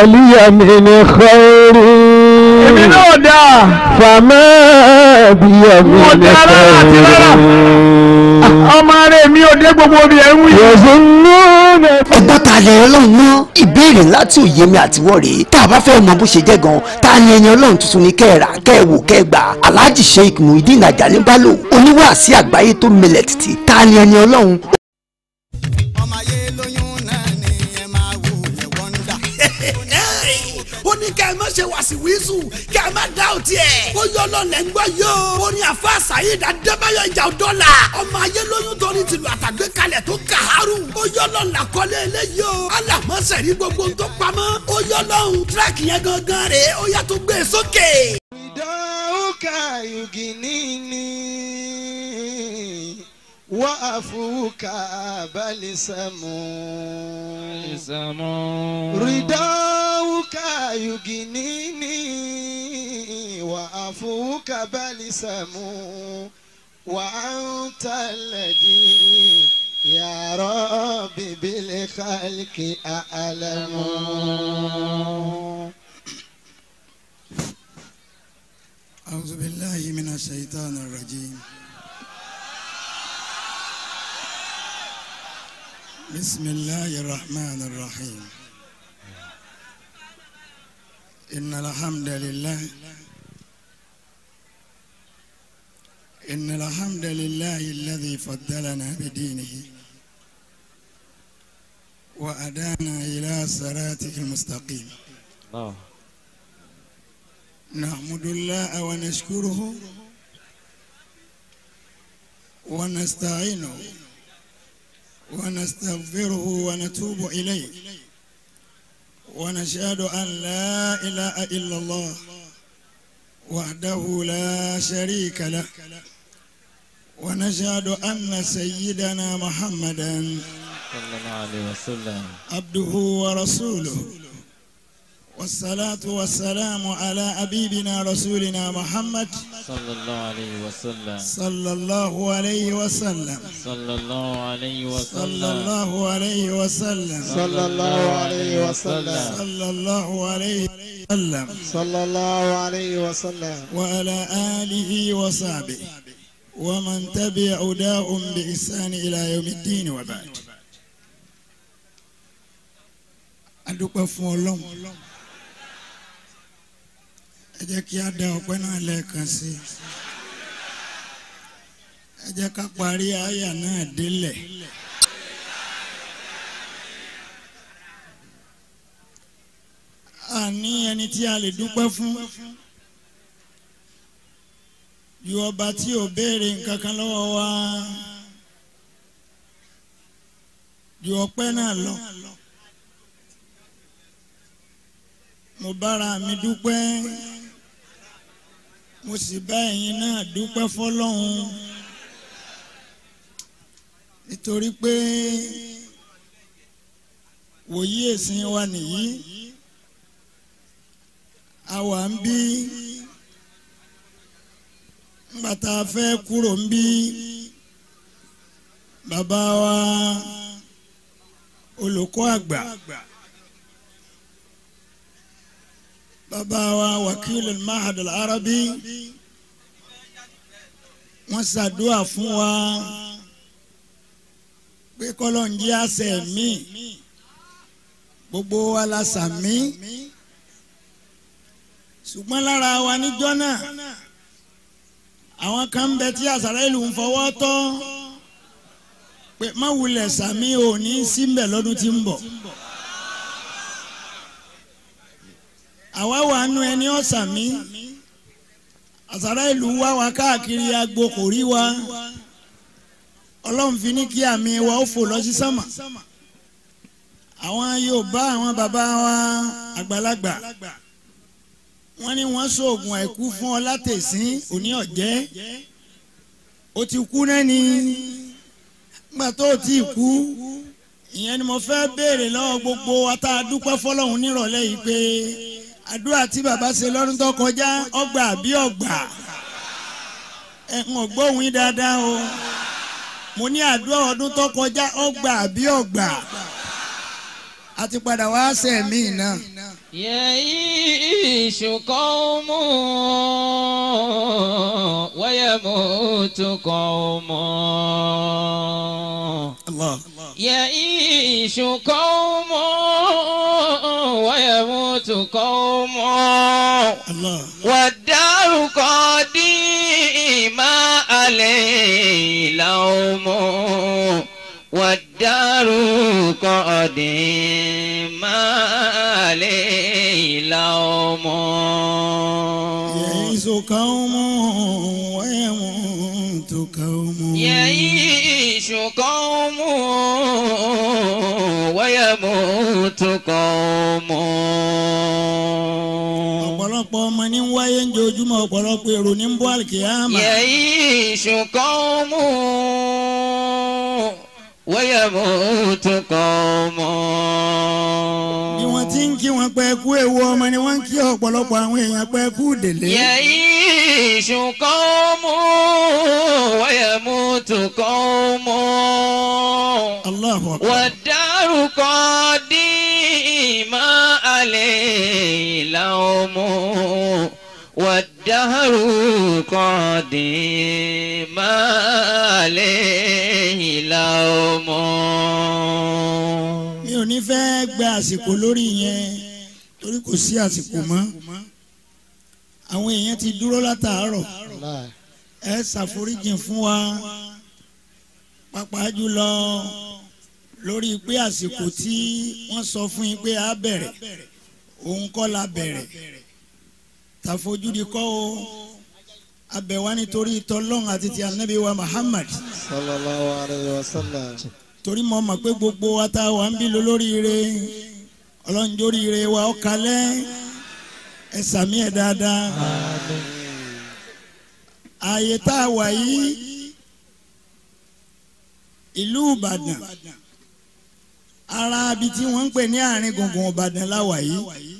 ẹ̀lìyàmí ni kọ́rí. èmi náà dà. fàmà ẹ̀bìyàmí ni kọ́rí. ọmọ rẹ̀ mi ò dé gbogbo orí ẹ̀ ń wí. ọba ta lè ọlọ́run náà ìbéèrè láti òye mi àtiwọ́ rèé tá a bá fẹ́ mọ bó ṣe jẹ́ gan ta ni ẹni ọlọ́run tuntun ni kẹ́ ẹ rà kẹ́ ẹ wò kẹ́ ẹ gbà alhaji oníwàásí àgbáyé tó mẹlẹ̀ títì ta ni ẹni ọlọ́run. ṣe wàsí wíṣù kí a má dá òtí ẹ̀. ó yọ lọ́lẹ̀ ń gbọ́ yó. orin àfa sàyídà dẹ́bẹ́yọ̀ ìjà ọ̀dọ́là. ọmọ ayé lóyún torí tìlù àtàgbé kalẹ̀ tó kàárù. ó yọ lọ́lẹ̀ àkọlé eléyìí o. alamọ́sẹ̀ rí gbogbo tó pamọ́. ó yọ lọ́hùn tíráàkì yẹn gangan rè é ó yàtọ̀ gbé e sókè. ìdánwò وأفوك بلسم بلسم رداؤك يجنيني وأفوك بلسم وأنت الذي يا ربي بالخلق أعلم أعوذ بالله من الشيطان الرجيم بسم الله الرحمن الرحيم إن الحمد لله إن الحمد لله الذي فضلنا بدينه وأدانا إلى صراطه المستقيم نحمد الله ونشكره ونستعينه ونستغفره ونتوب إليه ونشهد أن لا إله إلا الله وحده لا شريك له ونشهد أن سيدنا محمدا صلى الله عليه وسلم عبده ورسوله والصلاة والسلام على أبيبنا رسولنا محمد صلى الله عليه وسلم صلى الله عليه وسلم صلى الله عليه وسلم صلى الله عليه وسلم صلى الله عليه وسلم صلى الله عليه وسلم صلى الله عليه وسلم وعلى آله وصحبه ومن تبع داء بإحسان إلى يوم الدين وبعد أدوك فولم ẹ jẹ́ kí á dá ọpẹ́ náà lẹ́ẹ̀kan sí i ẹ jẹ́ ká parí àyà náà délẹ̀. a ní ẹni tí a lè dúpẹ́ fún ju ọba tí ò béèrè nǹkan kan lọ́wọ́ wa ju ọpẹ́ náà lọ. mo bára mi dúpẹ́ mo sì bá ẹ̀yin náà dúpẹ́ fọlọ́run nítorí pé wòye ẹ̀sìn wa nìyí a wà ń bí ńgbà fẹ́ kúrò ń bí bàbá wa olùkọ́ àgbà. bàbá wa wakil mahad al-arabi wọ́n ṣàdúrà fún wa pé kọ́lọ́ ń jẹ́ àṣẹ mi gbogbo wa la sàmí ṣùgbọ́n lára wa níjọ́ náà àwọn kan bẹ tí àṣàrà ìlú ń fọwọ́ tọ́ pé má wulẹ̀ sàmí ò ní síbẹ̀ lọ́dún tí ń bọ̀. àwa wà nú ẹni ọ̀sán mi àsàrà ìlú wá wa káàkiri agbo kò rí wa ọlọ́run fi ní kí àmì wa ó fò lọ sí sánmà àwọn Yorùbá àwọn bàbá wa àgbàlagbà wọ́n ní wọ́n sóògùn àìkú fún ọ látẹ̀sín òní ọ̀jẹ́ o ti kú nẹ́ni nígbà tó o ti kú ìyẹn ni mo fẹ́ béèrè lọ́wọ́ gbogbo wa tá a dúpẹ́ fọlọ́run nírọ̀lẹ́ yìí pé àdúrà tí bàbá ṣe lọ́dún tó kọjá ọgbà bí ọgbà ẹ̀ ń gbóhùn dáadáa o mo ní àdúrà ọdún tó kọjá ọgbà bí ọgbà a ti padà wá sẹ́mi náà. يعيش قوم ويموت قوم الله يعيش قوم ويموت قوم والدار قديما عليه لوم والدار قديما عليه لوم يعيش قوم ويموت قوم يعيش قوم يموت قوم ọ̀pọ̀lọpọ̀ ọmọ ní ń wáyé ń jojúmọ́ ọ̀pọ̀lọpọ̀ èrò ní ń bọ́ àlùkìyàmà. يعيش قوم ويموت قوم. يعيش قوم ويموت قوم. الله أكبر. يقدم عليه لوم والدهر قدم عليه لوم mi ò ní fẹ́ gba àsìkò lórí yẹn torí kò sí àsìkò mọ́ àwọn èèyàn ti dúró látàárọ̀ ẹ ṣàforíjì fún wa pàápàá jùlọ lórí pé àsìkò tí wọ́n sọ fún yín pé a bẹ̀rẹ̀ òun kọ́ la bẹ̀rẹ̀ tàfojúdi kọ́ o abẹ̀wá nítorí tọ́lọ́n àti ti anabi wa Muhammad. sallallahu alayhi wa sallam. torí mo mọ̀ pé gbogbo wa tá a wà ń bí lólóríire ọlọ́njóríire wa ọ̀kalẹ́ ẹ sàmí ẹ̀ dáadáa. ààyè tá a wà yìí ìlú Ìbàdàn ara abi tí wọ́n ń pè ní àárín gbùngbùn Ìbàdàn láwà yìí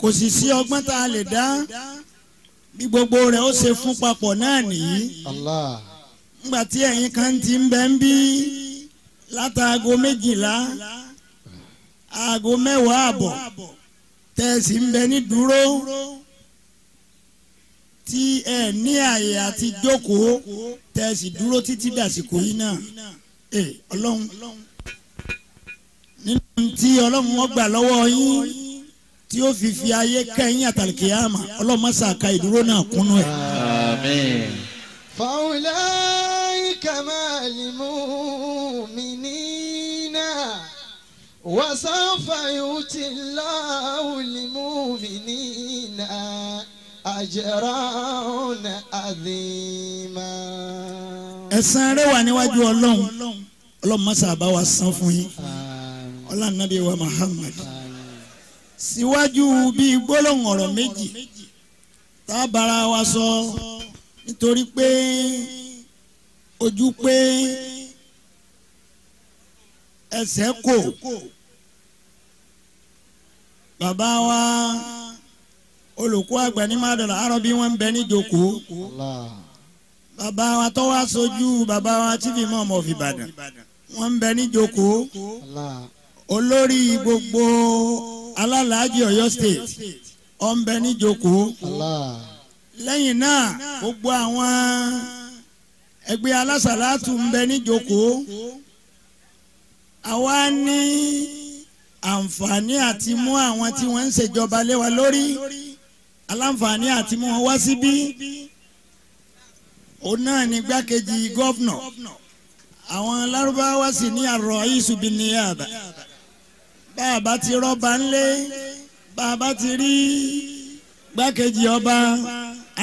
kò sì sí ọgbọ́n tá a lè dá bí gbogbo rẹ̀ ó ṣe fún papọ̀ náà nìyí Allah ńgbà tí ẹ̀yin kan ti ń bẹ ń bí látàgò méjìlá aago mẹ́wàá àbọ̀ tẹ̀sí ń bẹ ní dúró tí ẹ ní àyè àti jókòó tẹ̀sí dúró títí dàsìkò yìí náà ẹ ọlọ́run nínú tí ọlọ́run wọn gbà lọ́wọ́ yín tí ó fi fi ayé kẹ́yìn àtàlùkè àmà ọlọ́run má ṣàka ìdúró náà kúnú ẹ̀. àmín. فأولئك مع المؤمنين وسوف يؤتي الله المؤمنين ajran azima. ẹ̀san rẹ̀ wà níwájú ọlọ́run ọlọ́run mọ́sá bá wa san fún yín ọlọ́run nàbí wa Muhammad síwájú bíi gbólóhùn ọ̀rọ̀ méjì tá a bára wa sọ nítorí pé ojú pé ẹsẹ̀ kò bàbá wa olùkọ́ àgbà ní mádọ̀lá àárọ̀ bí wọ́n ń bẹ ní jókòó bàbá wa tó wá sojú bàbá wa tí fi mọ́ ọmọ fìbàdàn wọ́n ń bẹ ní joko. olórí gbogbo alálàájì Ọ̀yọ́ state ó ń bẹ ní jókòó lẹ́yìn náà gbogbo àwọn ẹgbẹ́ alásàlátù ń bẹ ní jókòó àwa ní àǹfààní àti mú àwọn tí wọ́n ń ṣèjọba lé wa lórí aláǹfààní àti mú wọn wá síbí òun náà ni gbákejì gọ́fnọ̀ àwọn lárúbáwá sì ní àrò ìṣubìnìyàbà bá a bá ti rọ́bà ńlé bá a bá ti rí gbákejì ọba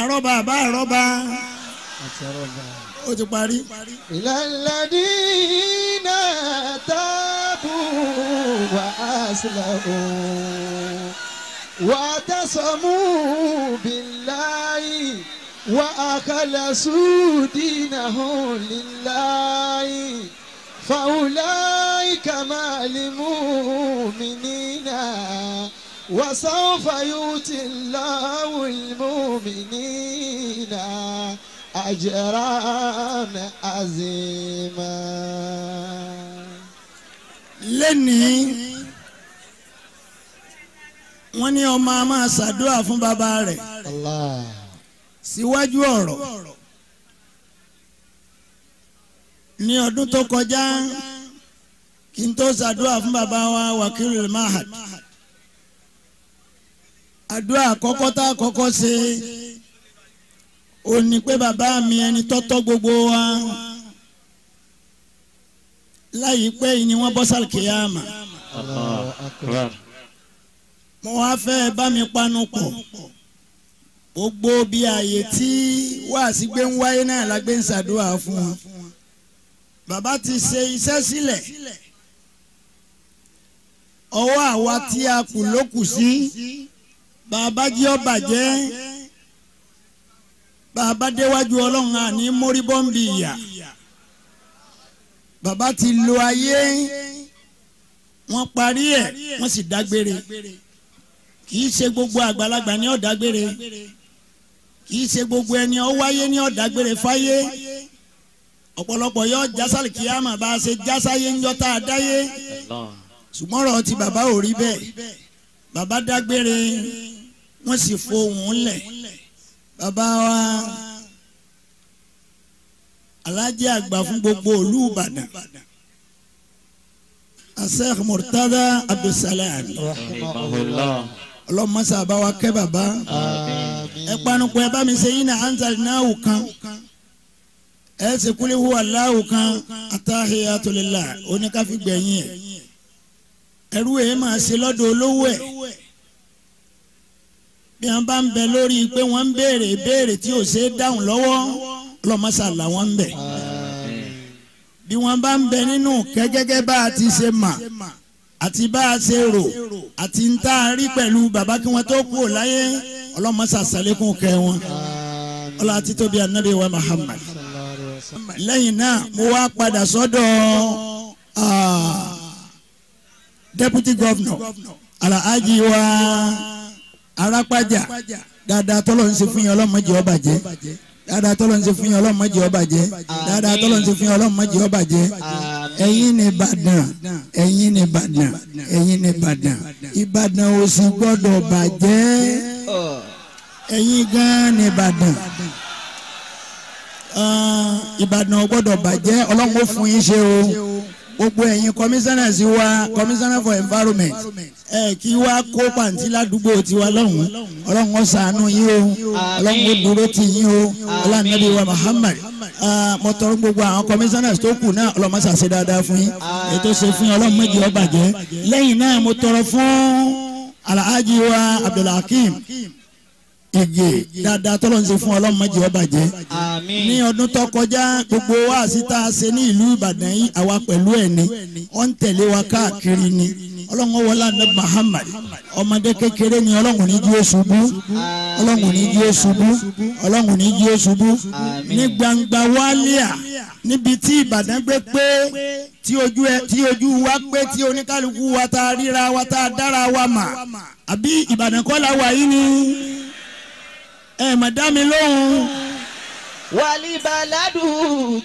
àrọ́bà àbá àrọ́bà ó ti parí. ìlàlàdí náà tábù wàásù làwọn. واعتصموا بالله وأخلصوا دينهم لله فأولئك مع المؤمنين وسوف يؤتي الله المؤمنين أجرا عظيما لني wọ́n ní ọmọ a máa ṣàdúrà fún bàbá rẹ̀ síwájú ọ̀rọ̀ ní ọdún tó kọjá kí n tó ṣàdúrà fún bàbá wa Wakil Mahad àdúrà àkọ́kọ́ tá a kọ́kọ́ ṣe ó ní pé bàbá mi ẹni tọ́tọ́ gbogbo wa láyìí pé ni wọ́n bọ́ sàlùkìyàmà. Allah akbar mo wá fẹ́ bá mi panu pọ̀ gbogbo bí ààyè tí wàásí gbé ń wáyé náà la gbé ń ṣàdúrà fún wọn bàbá ti ṣe iṣẹ́ sílẹ̀ ọwọ́ àwa tí a kù ló kù sí bàbá jí ọ bàjẹ́ bàbá déwájú ọlọ́run àní mórí bọ́m̀bì ìyà bàbá ti lo ayé wọ́n parí ẹ̀ wọ́n sì dágbére kì í ṣe gbogbo àgbàlagbà ní ọ̀dàgbére kì í ṣe gbogbo ẹni ọwáyé ní ọ̀dàgbére fáyé ọ̀pọ̀lọpọ̀ yọ jásàlì kíámà bá a ṣe jásáyé ńjọ́ tá a dáyé ṣùgbọ́n ti bàbá ò rí bẹ́ẹ̀ bàbá dágbére wọ́n sì fohùn lẹ̀ bàbá wa alájẹ àgbà fún gbogbo ìlú Ìbàdàn asẹ́kh Murtada Abdulsalami ọlọ́mọ sábà wa kẹ́ bàbá ẹ panupọ̀ ẹ bá mi ṣe yín náà ansari náà wù kan ẹ ṣe kúlẹ̀ hu aláwù kan atáhìyà tolila oníkàfi gbẹ̀yìn ẹ ẹrú ẹ máa ṣe lọ́dọ̀ olówó ẹ bí wọn bá ń bẹ lórí pé wọn ń béèrè béèrè tí ò ṣe é dáhùn lọ́wọ́ ọlọ́mọ sábà ń bẹ bí wọn bá ń bẹ nínú kẹ́gẹ́gẹ́ bá a ti ṣe mà àti bá a ṣe rò àti ń tá a rí pẹ̀lú bàbá kí wọ́n tó kú ò láyé ọlọ́mọṣà sàlékún kẹ́ wọn ọlọ́ àti tóbi ànábì wa Muhammad lẹ́yìn náà mo wá padà sọ́dọ̀ deputy governor alhaji wa arápájà dáadáa tọ́lọ́ ń ṣe fún yín ọlọ́mọdé ọba jẹ́ dáadáa tọ́lọ́ ń ṣe fún yín ọlọ́mọdé ọba jẹ́ dáadáa tọ́lọ́ ń ṣe fún yín ọlọ́mọdé ọba jẹ́. Eyi ni Ìbàdàn ẹ̀yin ni Ìbàdàn ẹ̀yin ni Ìbàdàn Ìbàdàn ò sì gbọ́dọ̀ bàjẹ́ ni Ìbàdàn ah, Ìbàdàn ò gbọ́dọ̀ bàjẹ́ Ọlọ́run ó fún yín gbogbo ẹ̀yin commissioner sí wa for environment ẹ kí wá kó pàǹtí ládùúgbò tiwa lọ́hùn-ún ọlọ́run ó ṣàánú yín o ọlọ́run ó dúró yín o ọlọ́run mọ̀tọ́rọ́ ah, gbogbo àwọn commissioners tó kù náà ọlọ́mọṣà ṣe dáadáa fún yín ah. ètò ṣe fún yín ọlọ́run méjì ọbàjẹ́ lẹ́yìn náà mo tọrọ fún alhaji wa abdulhakeem Ege, dáadáa tọ́lọ́run ṣe fún ọlọ́run má jẹ́ ó bàjẹ́. àmín. ní ọdún tó kọjá gbogbo wa síta ṣe ní ìlú ìbàdàn yìí àwa pẹ̀lú ẹ̀ ni ó ń tẹ̀lé wa káàkiri ni ọlọ́run wọlé àná Muhammad ọmọdé kékeré ni ọlọ́run ní jí ó ṣubú ọlọ́run ní jí ó ṣubú ọlọ́run ní jí ó ṣubú ní gbangba wálíà níbi tí ìbàdàn gbé pé tí ojú wa pé tí oníkálukú wa ta ríra wa ta dára wa mà àbí ìbàdàn kọ́ wà yìí ni ẹ mà dá mi lóhùn. wàlíbaládù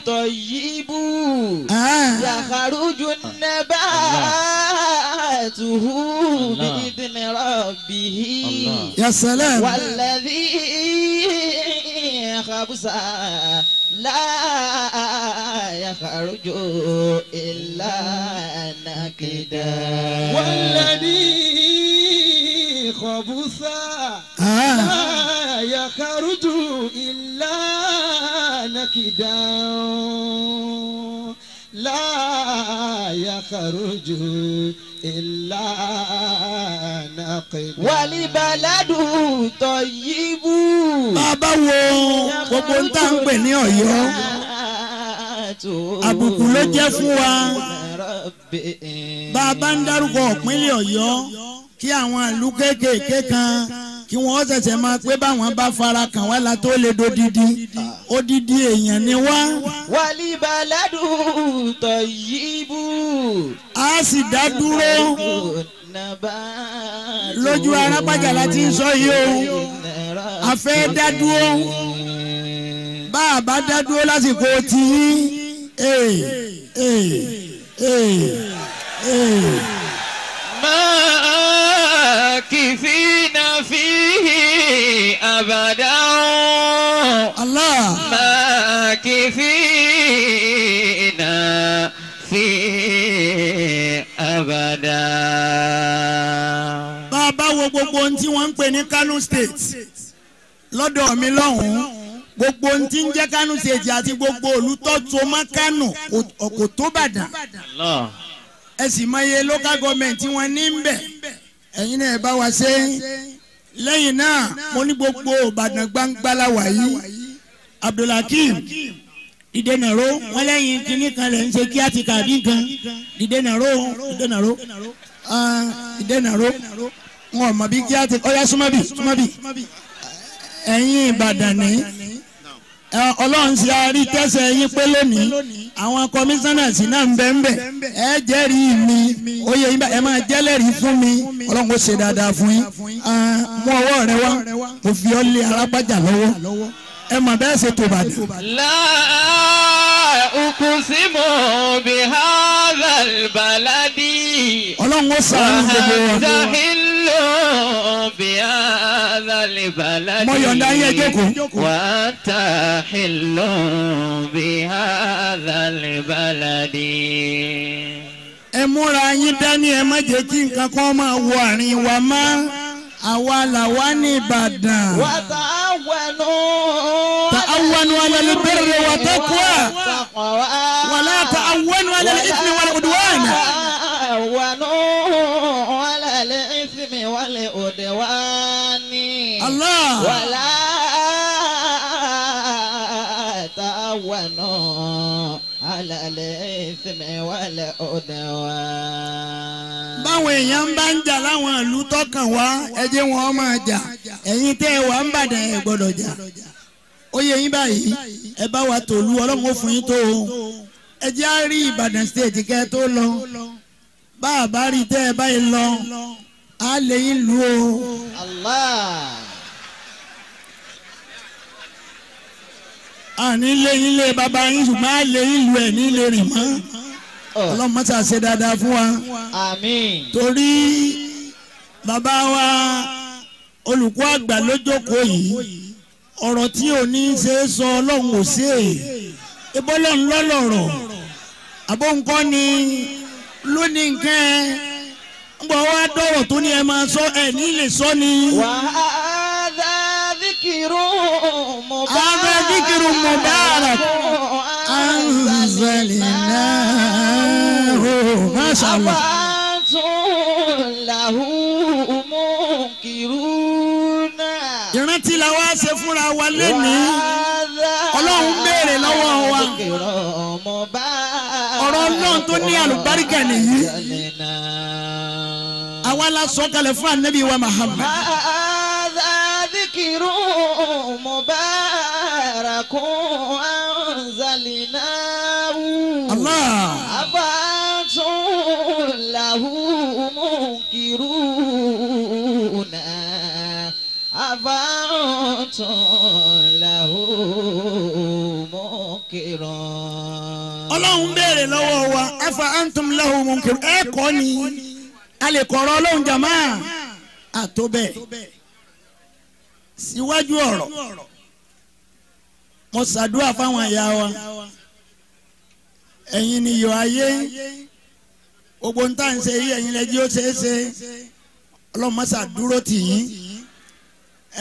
tọ̀yìbù ah. yàkàrújú nàbà tuhu bìdìní rọ̀bì. yasalẹ̀. wàlẹ́bí kàbùsà láyàkàrújú ìlànà nakida, wàlẹ́bí kàbùsà. أرجو إلا نكدا لا يخرج إلا نقدا والبلد طيب bàbá wo gbogbo ń tà ń pè ní Ọ̀yọ́ àbùkù ló jẹ́ fún wa bàbá ń dárúkọ ìpínlẹ̀ Ọ̀yọ́ kí àwọn ìlú kéékèèké kan kí wọ́n ṣẹ̀ṣẹ̀ máa pé báwọn bá fara kàn wá la tó lè do didi didi èèyàn ni wá. wàlí baladu tọ̀ yìí bù. a sì dá dúró lójú arápájà láti ń sọ yìí o a fẹ́ dá dúró bá a bá dá dúró lásìkò tí ee eh, ee eh, ee eh, ee. máa فيه أبدا الله ماكثين فيه أبدا bàbá wo gbogbo ohun tí wọ́n ń pè ní Kano State lọ́dọ̀ mi lọ́hùn-ún gbogbo ohun àti gbogbo olùtọ́tò mọ́ Kano kò tó bàdàn ẹ sì mọ iye local government tí wọ́n ní ń bẹ̀ ẹ̀yin náà ẹ bá wa ṣe é lẹ́yìn náà mo ní gbogbo ìbàdàn gbangba la wà yìí abdulhakeem ìdènàró wọn lẹ́yìn kínní kan lẹ́ ń ṣe kí á ti kàbí nǹkan ìdènàró ìdènàró ìdènàró wọn ò mọ bí kí á ti ọyá súnmọ́bì súnmọ́bì ẹ̀yin ìbàdàn ní ọlọ́run ṣe àrí tẹ́sẹ̀ yín pé lónìí àwọn kọmíṣánná sì náà ń bẹ ń bẹ ẹ jẹ́rìí mi ó yẹ yín bá ẹ máa jẹ́lẹ̀rìí fún mi ọlọ́run ó ṣe dáadáa fún yín mú ọwọ́ rẹ wá mo fi ọ́ lé arápájà lọ́wọ́ ẹ mọ̀ bẹ́ẹ̀ ṣe tó bàdàn. Ukusimu bi hadha albaladi. Ọlọ́run ó sàánú gbogbo wa mo yọ̀ǹda yín ẹjẹ́ wà á ta ìlú bí àdàlẹ̀ bàlàdì. ẹ múra yín dání ẹ má jẹ́ kí nǹkan kan máa wọ àárín wa mọ́ àwa làwa ní Ìbàdàn. wà á ta wẹ̀nu. ta awẹnu alẹ́ bẹ̀rẹ̀ wà á ta kúà. wà á ta awẹnu alẹ́ ìfìwà ọ̀dùwọ̀n. wà á wẹ̀nu. Wale ode ولا تعاونوا Wala الإثم والعدوان báwọn wa lọ a a lè lu o. a lè lu ẹ̀ ní le rìn mọ́. ọlọ́mọ tá ṣe dáadáa fún wa. Tori torí bàbá wa olùkọ́ àgbà lójókòó yìí ọ̀rọ̀ tí ò ní ṣe é sọ ọlọ́run ò ni lónìí nǹkan ngbọ̀ wá dọ̀rọ̀ tó ní ẹ máa sọ ẹ ní lè sọ ni. wà á dá díkìrú mubarak. á dá díkìrú mubarak. anzalnahu masha Allah. àbátúnláhù munkiruna. ìrántí la wá ṣe fúnra wa lénìí. ọlọ́run béèrè lọ́wọ́ wa. ọ̀rọ̀ náà tó ní àlùbáríkà nìyí ọba la sọ fún anabi wa Muhammad. azikiru mubaraku anzalinahu. Allah. abatun lahu munkiruna abatun lahu munkiruna. ọlọ́run béèrè lọ́wọ́ wa afa antum lahu munkiruna ẹ kọ́ ni a lè kọ̀rọ̀ ọlọ́run jàmá àtó bẹ́ẹ̀ síwájú ọ̀rọ̀ mo ṣàdúrà fáwọn ìyá wa ẹ̀yin ni yọ ayé gbogbo ń tà ń ṣe yí ẹ̀yin lẹ́jí ó ṣeé ṣe ọlọ́run má ṣàdúró tì yín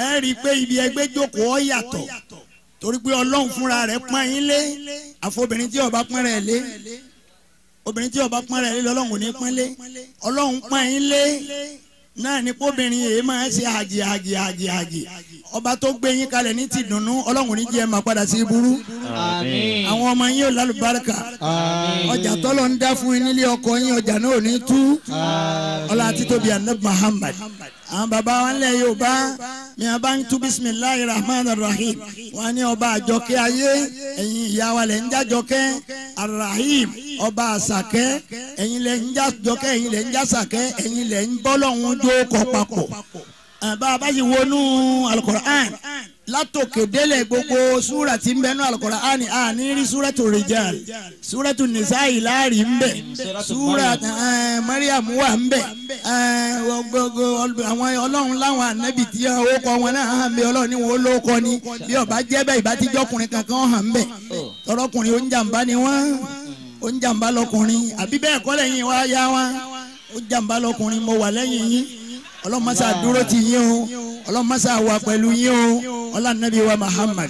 ẹ rí i pé ibi ẹgbẹ́ jókòó ọ yàtọ̀ torí pé ọlọ́run fúnra rẹ̀ pọ́n yín lé àfọ obìnrin tí ó bá pọ́n lé obìnrin tí ó bá pọ́n lé lọ́lọ́run ní pọ́n lé ọlọ́run pọ́n yín lé náà ni kóbìnrin yìí máa ṣe àjì àjì àjì àjì ọba tó gbé yín kalẹ̀ ní ti dùnnú ọlọ́run ní jẹ́ ẹ̀ máa padà sí burú àwọn ọmọ yín ò lálùbáríkà ọjà tọ́lọ̀ ń dá fún yín nílé ọkọ yín ọjà náà ò ní tú ọlá títóbi ànábì Muhammad àwọn bàbá wa ń lẹ̀ Yorùbá ni a bá ń tú bisimilahi rahman rahim wọn ní ọba àjọkẹ́ ayé ẹ̀yin ìyá wa lẹ̀ ń jájọkẹ́ arahim ọba àsàkẹ́ ẹ̀yin lẹ̀ ń jájọkẹ́ ẹ̀yin lẹ̀ ń jásàkẹ́ ẹ̀yin lẹ̀ ń bọ́lọ́hún jó kọ́ papọ̀ bá a bá yìí látòkè délẹ̀ gbogbo súra tí ń bẹ nú àlùkòrá àní àní rí súratu rijal súratu nisa ìlàrí ń bẹ súra eh, mariam wà ń bẹ eh, gbogbo àwọn ọlọ́run láwọn ànábì tí ó kọ wọn náà hàn bí ọlọ́run ni wọn ló kọ ni bí ọba jẹ́ bẹ́ẹ̀ ìbá tí jọkùnrin kankan hàn ń bẹ tọrọkùnrin oúnjàmbá ni wọn oúnjàmbá lọkùnrin àbí bẹ́ẹ̀ kọ́ lẹ́yìn wá yá wọn oúnjàmbá lọkùnrin mo wà lẹ́yìn yín ọlọ́run máa ṣàdúró ti yín o ọlọ́run ولا النبي ومحمد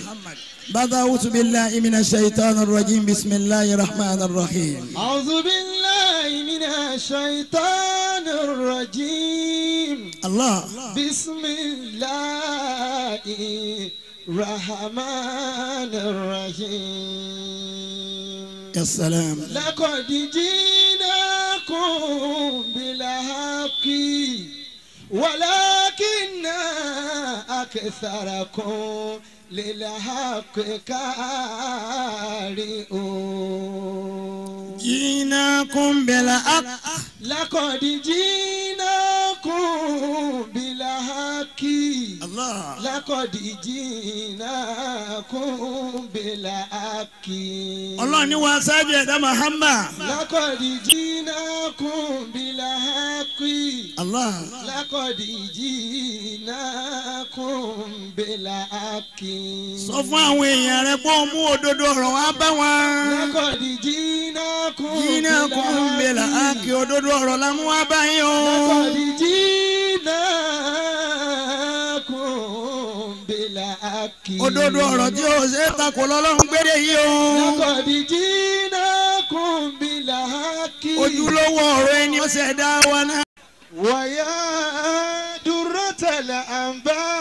بعد أعوذ بالله من الشيطان الرجيم بسم الله الرحمن الرحيم أعوذ بالله من الشيطان الرجيم الله بسم الله الرحمن الرحيم يا سلام لقد جئناكم بالحق ولكن أكثركم للحق كارئون جيناكم بالحق لقد جيناكم bilahaki. Allah. lakọ̀dì jìnnà ọlọ́run ni wàá sáájú ẹ̀dá Muhammad. lakọ̀dì jìnnà kún bilahaki. Allah kun bela aki. sọ fún àwọn èèyàn rẹ kó mú òdodo ọ̀rọ̀ wá bá wọn. lẹ́kọ̀ọ́dì jìnnà kun bela aki. jìnnà kun bela aki òdodo ọ̀rọ̀ la mú wá bá yín o. lẹ́kọ̀ọ́dì jìnnà kun bela aki. òdodo ọ̀rọ̀ tí o ṣe é takò lọ́lọ́run gbére yìí o. lẹ́kọ̀ọ́dì jìnnà kun bela aki. ojúlówó ọ̀rọ̀ ẹni ọ̀sẹ̀ dá wa náà. wàyà dúró àǹbá.